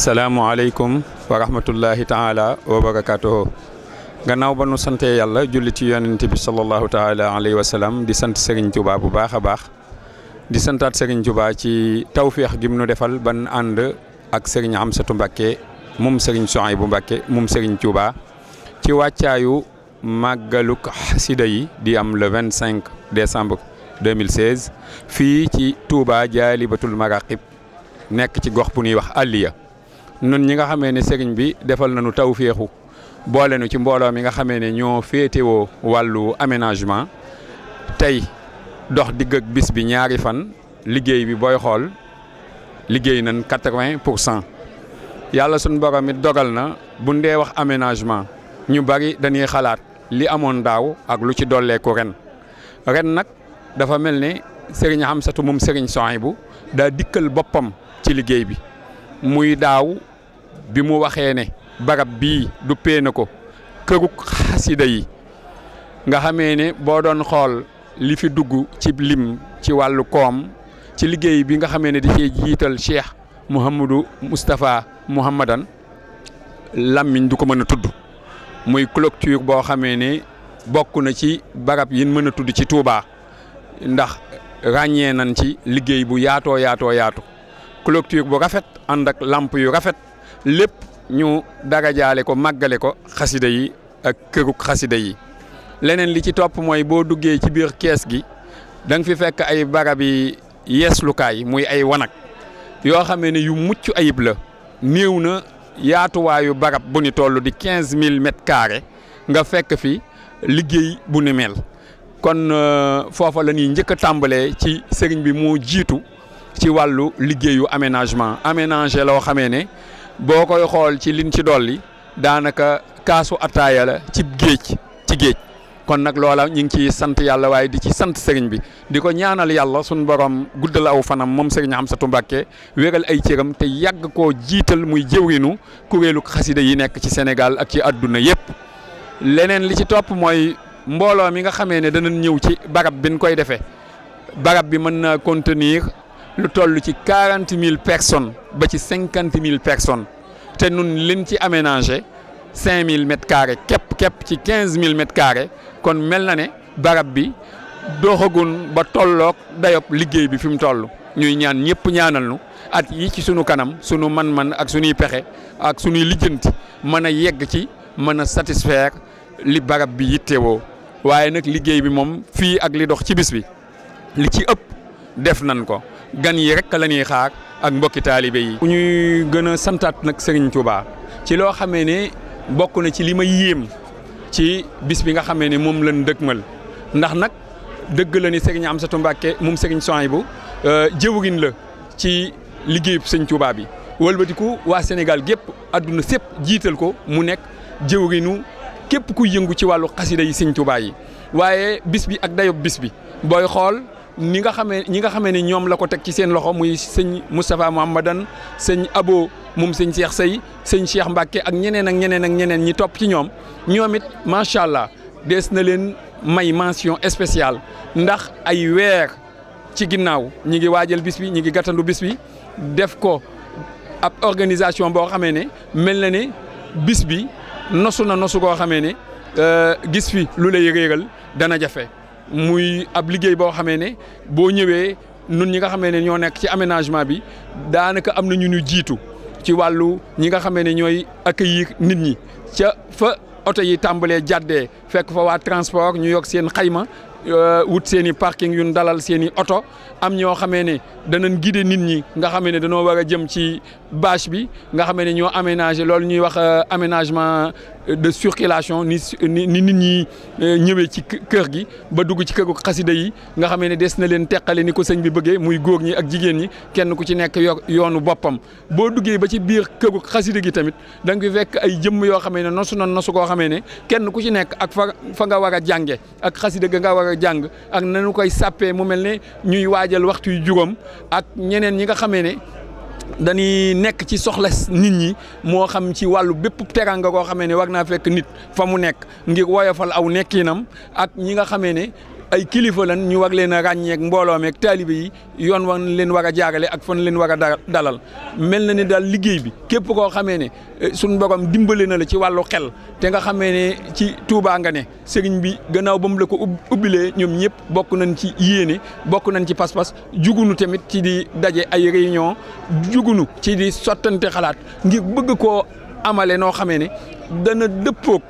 salaamaaleykum wa rahmatullahi taala wa barakatuhu gannaaw ba nu santee yàlla julli ci yonent bi sallallahu taala alayhi wa salaam di sant Serigne Touba bu baax a baax di santaat Serigne Touba ci tawféex gi mu nu defal ban ànd ak Serigne Amsatou Mbacke moom Serigne bu Mbacke moom Serigne Touba ci wàccaayu màggaluk xasida yi di am le 25 décembre 2016 fii ci Touba jaalibatul maraqib nekk ci gox bu ñuy wax Aliya nun ñi nga xame ne Serigne bi defal na taw féexu boole nu ci mbooloo mi nga xamee ne ñoo féetewoo wàllu aménagement tey dox digg ak bis bi ñaari fan liggéey bi booy xool liggéey nañ quatre-vingt pour cent yàlla suñu borom it dogal na bu ndee wax aménagement ñu bari dañuy xalaat li amoon daaw ak lu ci dolleeku ren ren nag dafa mel ne Serigne Hamsatu moom Serigne bu daa dikkal boppam ci liggéey bi muy daaw bi mu waxee ne barab bii du pee na ko këruk xasida yi nga xamee ne boo doon xool li fi dugg ci lim ci wàllu koom ci liggéey bi nga xamee ne da cee jiital Cheikh Mouhamadou Moustapha Mouhamadan làmmiñ du ko mën a tudd muy clôture boo xamee ni bokk na ci barab yin mën a tudd ci Touba ndax ràññee nañ ci liggéey bu yaatoo yaatoo yaatu clôture bu rafet ànd ak làmp yu rafet lépp ñu darajaale ko màggale ko xasida yi ak këruk xasida yi leneen li ci topp mooy boo duggee ci biir kees gi da fi fekk ay barab yeeslukaay muy ay wanag yoo xamee ne yu mucc ayib la néew na yaatuwaayu barab bu ni toll di quinze mille mètres nga fekk fi liggéey bu ni mel kon euh, foofa la ñuy njëkk a tàmbalee ci sëriñ bi mu jiitu ci wàllu liggéeyu aménagement aménager loo xamee ne boo koy xool ci liñ ci dolli daanaka kaasu attaaya la ci géej ci géej kon nag loola ñu ngi ciy sant yàlla waaye di ci sant sëriñ bi di ko ñaanal yàlla suñu borom guddal aw fanam moom sëriñ Amsatu Mbàkke wéral ay cëram te yàgg koo jiital muy jëwriñu kuréelu xasida yi nekk ci Sénégal ak ci adduna yépp leneen li ci topp mooy mbooloo mi nga xamee ne dana ñëw ci barab bi koy defee barab bi mën na contenir lu toll ci quarante mille personnes ba ci cinquante mille personnes te nun liñ ci aménagé. cinq mille mètres carrés képp ci quinze mille mètres kon mel na ne barab bi doxagun ba tolloog dayob liggéey bi fi mu toll ñuy ñaan ñëpp ñaanal nu at yi ci sunu kanam sunu man-man ak sunuy pexe ak sunuy lijjanti mën a yegg ci mën a satisfaire li barab bi yittewoo waaye nag liggéey bi moom fii ak li dox ci bis bi li ci ëpp def nan ko gan yi rek lañuy ñuy xaar ak mbokki taalibe yi. ñuy gën a santaat nag Serigne Touba ci loo xamee ne bokk na ci li ma yéem ci bis bi nga xamee ni moom lañ dëgmal ndax nag dëgg la ni am Amsatou Mbacké moom Serigne Souhaïbou euh, jëwriñ la ci liggéeyub Sëñ Touba bi wëlbatiku waa Sénégal gépp àdduna sépp jiital ko mu nekk jëwriñu képp kuy yëngu ci wàllu xasida yi Sëñ Touba yi waaye bis bi ak dayob bis bi booy xool ni nga xamee ñi nga xamee ne ñoom la ko teg ci seen loxo muy sëñ Moustapha Mouhamadan sëñ Abo moom sëñ Cheikh Sey sëñ Cheikh Mbacke ak ñeneen ak ñeneen ak ñeneen ñi topp ci ñoom ñoom it macha allah des na leen may mention spéciale ndax ay weer ci ginnaaw ñi ngi waajal bis bi ñi ngi gàttandu bis bi def ko ab organisation boo xamee ne mel na ne bis bi nosu na nosu goo xamee ne euh, gis fi lu la réeral dana jafe muy ab liggéey boo xamee ne boo ñëwee nun ñi nga xamee ne ñoo nekk ci aménagement bi daanaka am na ñu ñu jiitu. ci wàllu ñi nga xame ne ñooy accueillir nit ñi ca fa oto yi tàmbalee jàddee fekk fa waa transport ñu yokk seen xayma euh, wut seen i parking yu dalal seen i oto am ñoo xamee ne danañ guider nit ñi nga xame ne danoo war a jëm ci bâche bi nga xamee ne ñoo aménagé loolu ñuy wax euh, aménagement de circulation ni ni ni nit ñi euh, ñëwee ci kër gi ba dugg ci këru xasida yi nga xamee ne des na leen teqale ni ko sëñ bi bëggee muy góor ñi ak jigéen ñi kenn ku ci nekk yoonu boppam. boo duggee ba ci biir këru xasida gi tamit da nga fi fekk ay jëmm yoo xamee ne nosu na nosu koo xamee ne kenn ku ci nekk ak fa fa nga war a jànge ak xasida ga nga war a jàng ak nanu koy sàppee mu mel ne ñuy waajal waxtu yu juróom ak ñeneen ñi nga xamee ne. dañuy nekk ci soxla nit ñi moo xam ci wàllu bépp teranga koo xamee ne war naa fekk nit fa mu nekk ngir woyofal aw nekkinam ak ñi nga xamee ne ay kilifa lan ñu war leen a ràññeek mbooloo meeg taalibe yi yoon wan leen war a jaarale ak fan leen war a dalal mel na ne daal liggéey bi képp koo xamee ne eh, suñ borom dimbale na la ci wàllu xel te nga xamee ne ci tuubaa nga ne sëriñ bi gannaaw ba mu la ko ubbilee ñoom ñëpp bokk nañ ci yéene bokk nañ ci pas-pas jugunu tamit ci di daje ay réunion jugunu ci di sottante xalaat ngir bëgg koo amale noo xamee ne dana dëppoog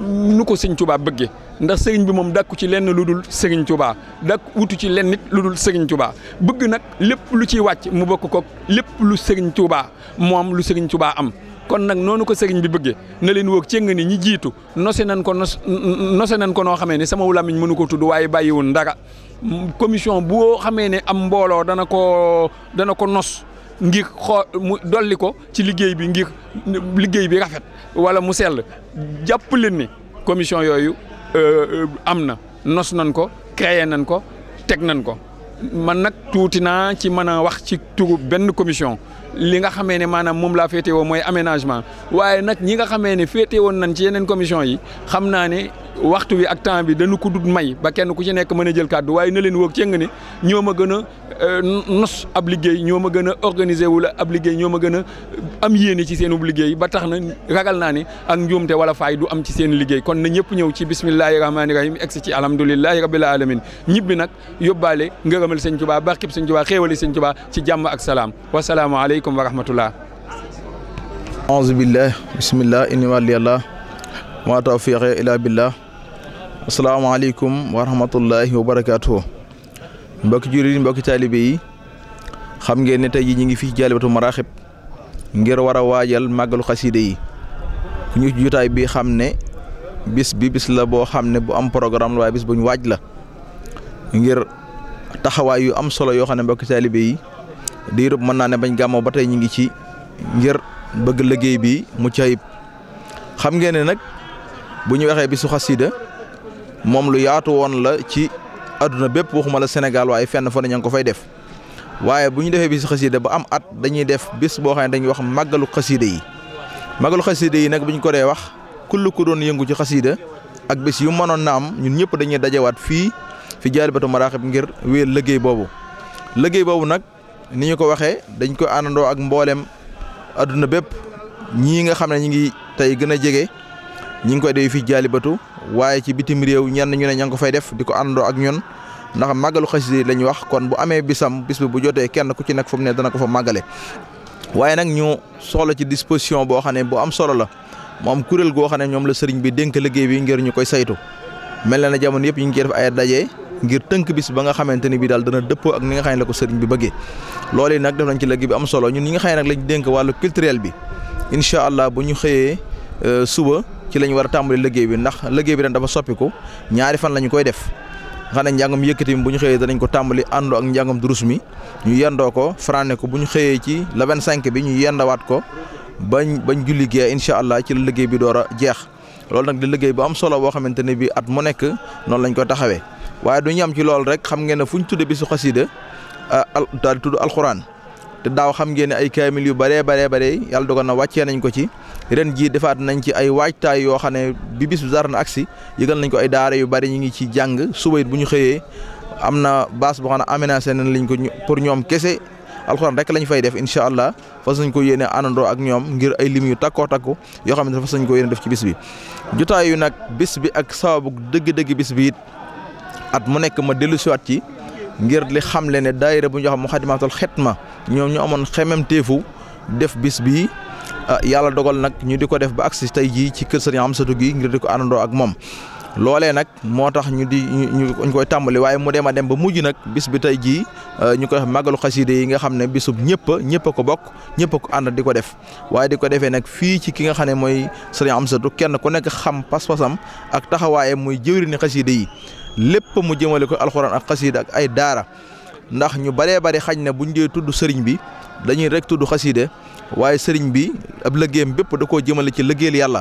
nu ko sëñ Touba bëggee ndax sëriñ bi moom dakku ci lenn lu dul sëriñ Tuubaa dàkk wutu ci lenn nit lu dul sëriñ Tuubaa bëgg nag lépp lu ciy wàcc mu bokk ko lépp lu sëriñ Tuubaa moom lu sëriñ Tuubaa am kon nag noonu ko sëriñ bi bëggee na leen wóog cëng ni ñi jiitu nose nan ko nos nose nan ko noo xamee ne sama làmmiñ mënu ko tudd waaye bàyyiwul dara commission boo xamee ne am mbooloo dana ko dana ko nos ngir mu dolli ko ci liggéey bi ngir liggéey bi rafet wala mu sell jàpp leen ni commission yooyu Euh, am na nos nan ko créer nan ko teg nan ko man nag tuuti naa ci mën a wax ci turu benn commission li nga xamee ne maanaam moom laa féetewoo mooy aménagement waaye nag ñi nga xamee ne féete woon nañ ci yeneen commission yi xam naa waxtu wi ak temps bi danu ko dut may ba kenn ku ci nekk mën a jël kàddu waaye na leen woog cee nga ne ñoo ma gën a nos ab liggéey ñoo ma gën a organiser wula ab liggéey ñoo ma gën a am yéene ci seen ub liggéey ba tax na ragal naa ne ak te wala faay du am ci seen liggéey kon na ñëpp ñëw ci bismillahi rahmaani rahim egsi ci alhamdulilahi rabbil alamin ñibbi nag yóbbaale ngërëmal sëñ Tuubaa barkib sëñ Tuubaa xéewali sëñ Tuubaa ci jàmm ak salaam wasalaamu aleykum wa rahmatullah aouzu billah bismillah inni wàlli yàlla maa tawfiqe ila billah asalaamaaleykum wa rahmatullahi wa barakaatu mbokki jullit mbokki taalibe yi xam ngeen ne tey ji ñu ngi fii jaalibatu maraaxib ngir war a waajal màggalu xaside yi ñu jotaay bi xam ne bis bi bis la boo xam ne bu am programme la waaye bis buñ waaj la ngir taxawaay yu am solo yoo xam ne mbokki taalibe yi diirub mën naa ne bañ gàmmoo ba tey ñu ngi ci ngir bëgg liggéey bi mu cayib xam ngeen ne nag bu ñu waxee bisu xasida moom lu yaatu woon la ci àdduna bépp waxuma la Sénégal waaye fenn fa ne ngi ko fay def waaye bu ñu defee bis xasida ba am at dañuy def bis boo xam ne dañuy wax màggalu xasida yi màggalu xasida yi nag bu ñu ko dee wax kull ku doon yëngu ci xasida ak bis yu mënoon na am ñun ñëpp dañuy dajawaat fii fi jaalibatu maraaxib ngir wéyal liggéey boobu liggéey boobu nag ni ñu ko waxee dañ ko àndandoo ak mbooleem adduna bépp ñii nga xam ne ñi ngi tey gën a jege ñi ngi koy def fii jaalibatu waaye ci bitim réew ñenn ñu ne ña ko fay def di ko àndoo ak ñun ndax magalu xasida la ñu wax kon bu amee bisam bis bi bu jotee kenn ku ci nekk fu ne dana ko fa màggale. waaye nag ñu soxla ci disposition boo xam ne bu am solo la moom am kuréel goo xam ne ñoom la sëriñ bi dénk liggéey bi ngir ñu koy saytu mel na ne jamono yëpp ñu ngi koy def ay daje. ngir tënk bis ba nga xamante ni bii daal dana dëppoo ak ni nga xam ne la ko sëriñ bi bëggee loolu nag def nañ ci léegi bi am solo ñun ñi nga xam nag lañ dénk wàllu culturel bi incha allah bu ñu xëyee euh, suba ci la ñu war a tàmbali liggéey bi ndax liggéey bi ren dafa soppiku ñaari fan lañu ñu koy def xam ne njàngam mi bu ñu xëyee danañ ko tàmbali àndoo ak njàngam durus mi ñu yendoo ko faraane ko bu ñu xëyee ci la 25 bi ñu yendawaat ko bañ bañ julli gee incha allah ci la liggéey bi door a jeex loolu nag di liggéey bu am solo boo xamante ne bi at mu nekk noonu lañ ko taxawee waaye du ñu am ci lool rek xam ngeen ne fu ñu tuddee bi su xasida ah, daal di tudd alxuraan te daaw xam ngeen ne ay kaamil yu bëree baree bare yàlla dogal na wàccee nañ ko ci ren jii defaat nañ ci ay waajtaay yoo xam ne bi bis bu zar na agsi yëgal nañ ko ay daara yu bëri ñu ngi ci jàng suba it bu ñu xëyee am na base boo xam ne aménagé nañ lañ ko pour ñoom kese alxuraan rek lañ fay def incha allah fas nañ ko yéene àndandoo ak ñoom ngir ay lim yu takkoo takku yoo xam ne fas nañ ko yéene def ci bis bi. jotaay yu nag bis bi ak sababu dëgg-dëgg bis bi it at mu nekk ma dellusiwaat ci ngir li xamle ne daayira bu ñu wax Muxaddamatul Xidma ñoom ñu amoon xememteefu def bis bi ah, yàlla dogal nag ñu di ko def ba agsi tey jii ci kër sëriñ Amsatu gi ngir di ko àndandoo ak moom loolee nag moo tax ñu di ñu koy tàmbali waaye mu dem a dem ba mujj nag bis bi tey jii ah, ñu koy màggalu xaside yi nga xam ne bisub ñëpp ñëpp ko bokk ñëpp a ko ànd di ko def waaye di ko defee nag fii ci ki nga xam ne mooy sëriñ Amsatu kenn ku nekk xam pas-pasam ak taxawaayam muy jëwriñu xaside yi lépp mu jëmale ko alxuraan ak xaside ak ay daara. ndax ñu baree bari xañ na ñu dee tudd sëriñ bi dañuy rek tudd xasiide waaye sëriñ bi ab liggéeyam bépp da koo jëmale ci liggéeyal yàlla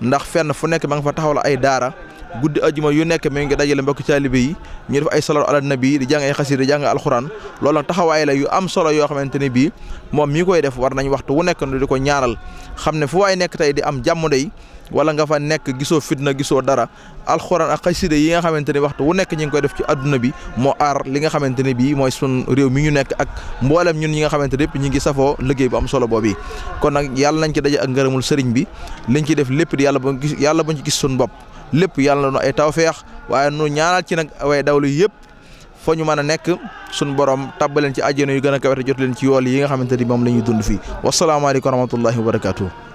ndax fenn fu nekk ma nga fa la ay daara guddi ajuma yu nekk mi ngi dajale mbokki taalibe yi ñu def ay solo ala nabi di jàng ay xasiida di jàng alxuraan loolu nag taxawaay la yu am solo yoo xamante ne bii moom mii koy def war nañ waxtu wu nekk di ko ñaaral xam ne fu ay nekk tey di am jàmm day wala nga fa nekk gisoo fitna gisoo dara alxuraan ak xasida yi nga xamante ne waxtu wu nekk ñi ngi koy def ci àdduna bi moo ar li nga xamante ne bii mooy sun réew mi ñu nekk ak mboolem ñun ñi nga xamante ne yëpp ñu ngi safoo liggéey bu am solo boobu kon nag yàlla nañ ci daje ak ngërëmul sëriñ bi liñ ci def lépp di yàlla ba gis yàlla bañ ci gis suñu bopp lépp yàlla na ay tawfeex waaye nu ñaanal ci nag way dawlu yëpp foo ñu man a nekk suñu borom tàbbaleen ci àjjana yu gën a kawete jot leen ci yi nga xamante ni moom la ñuy dund fii wasalaamaaleykum wa rahmatullahi wa barakatuh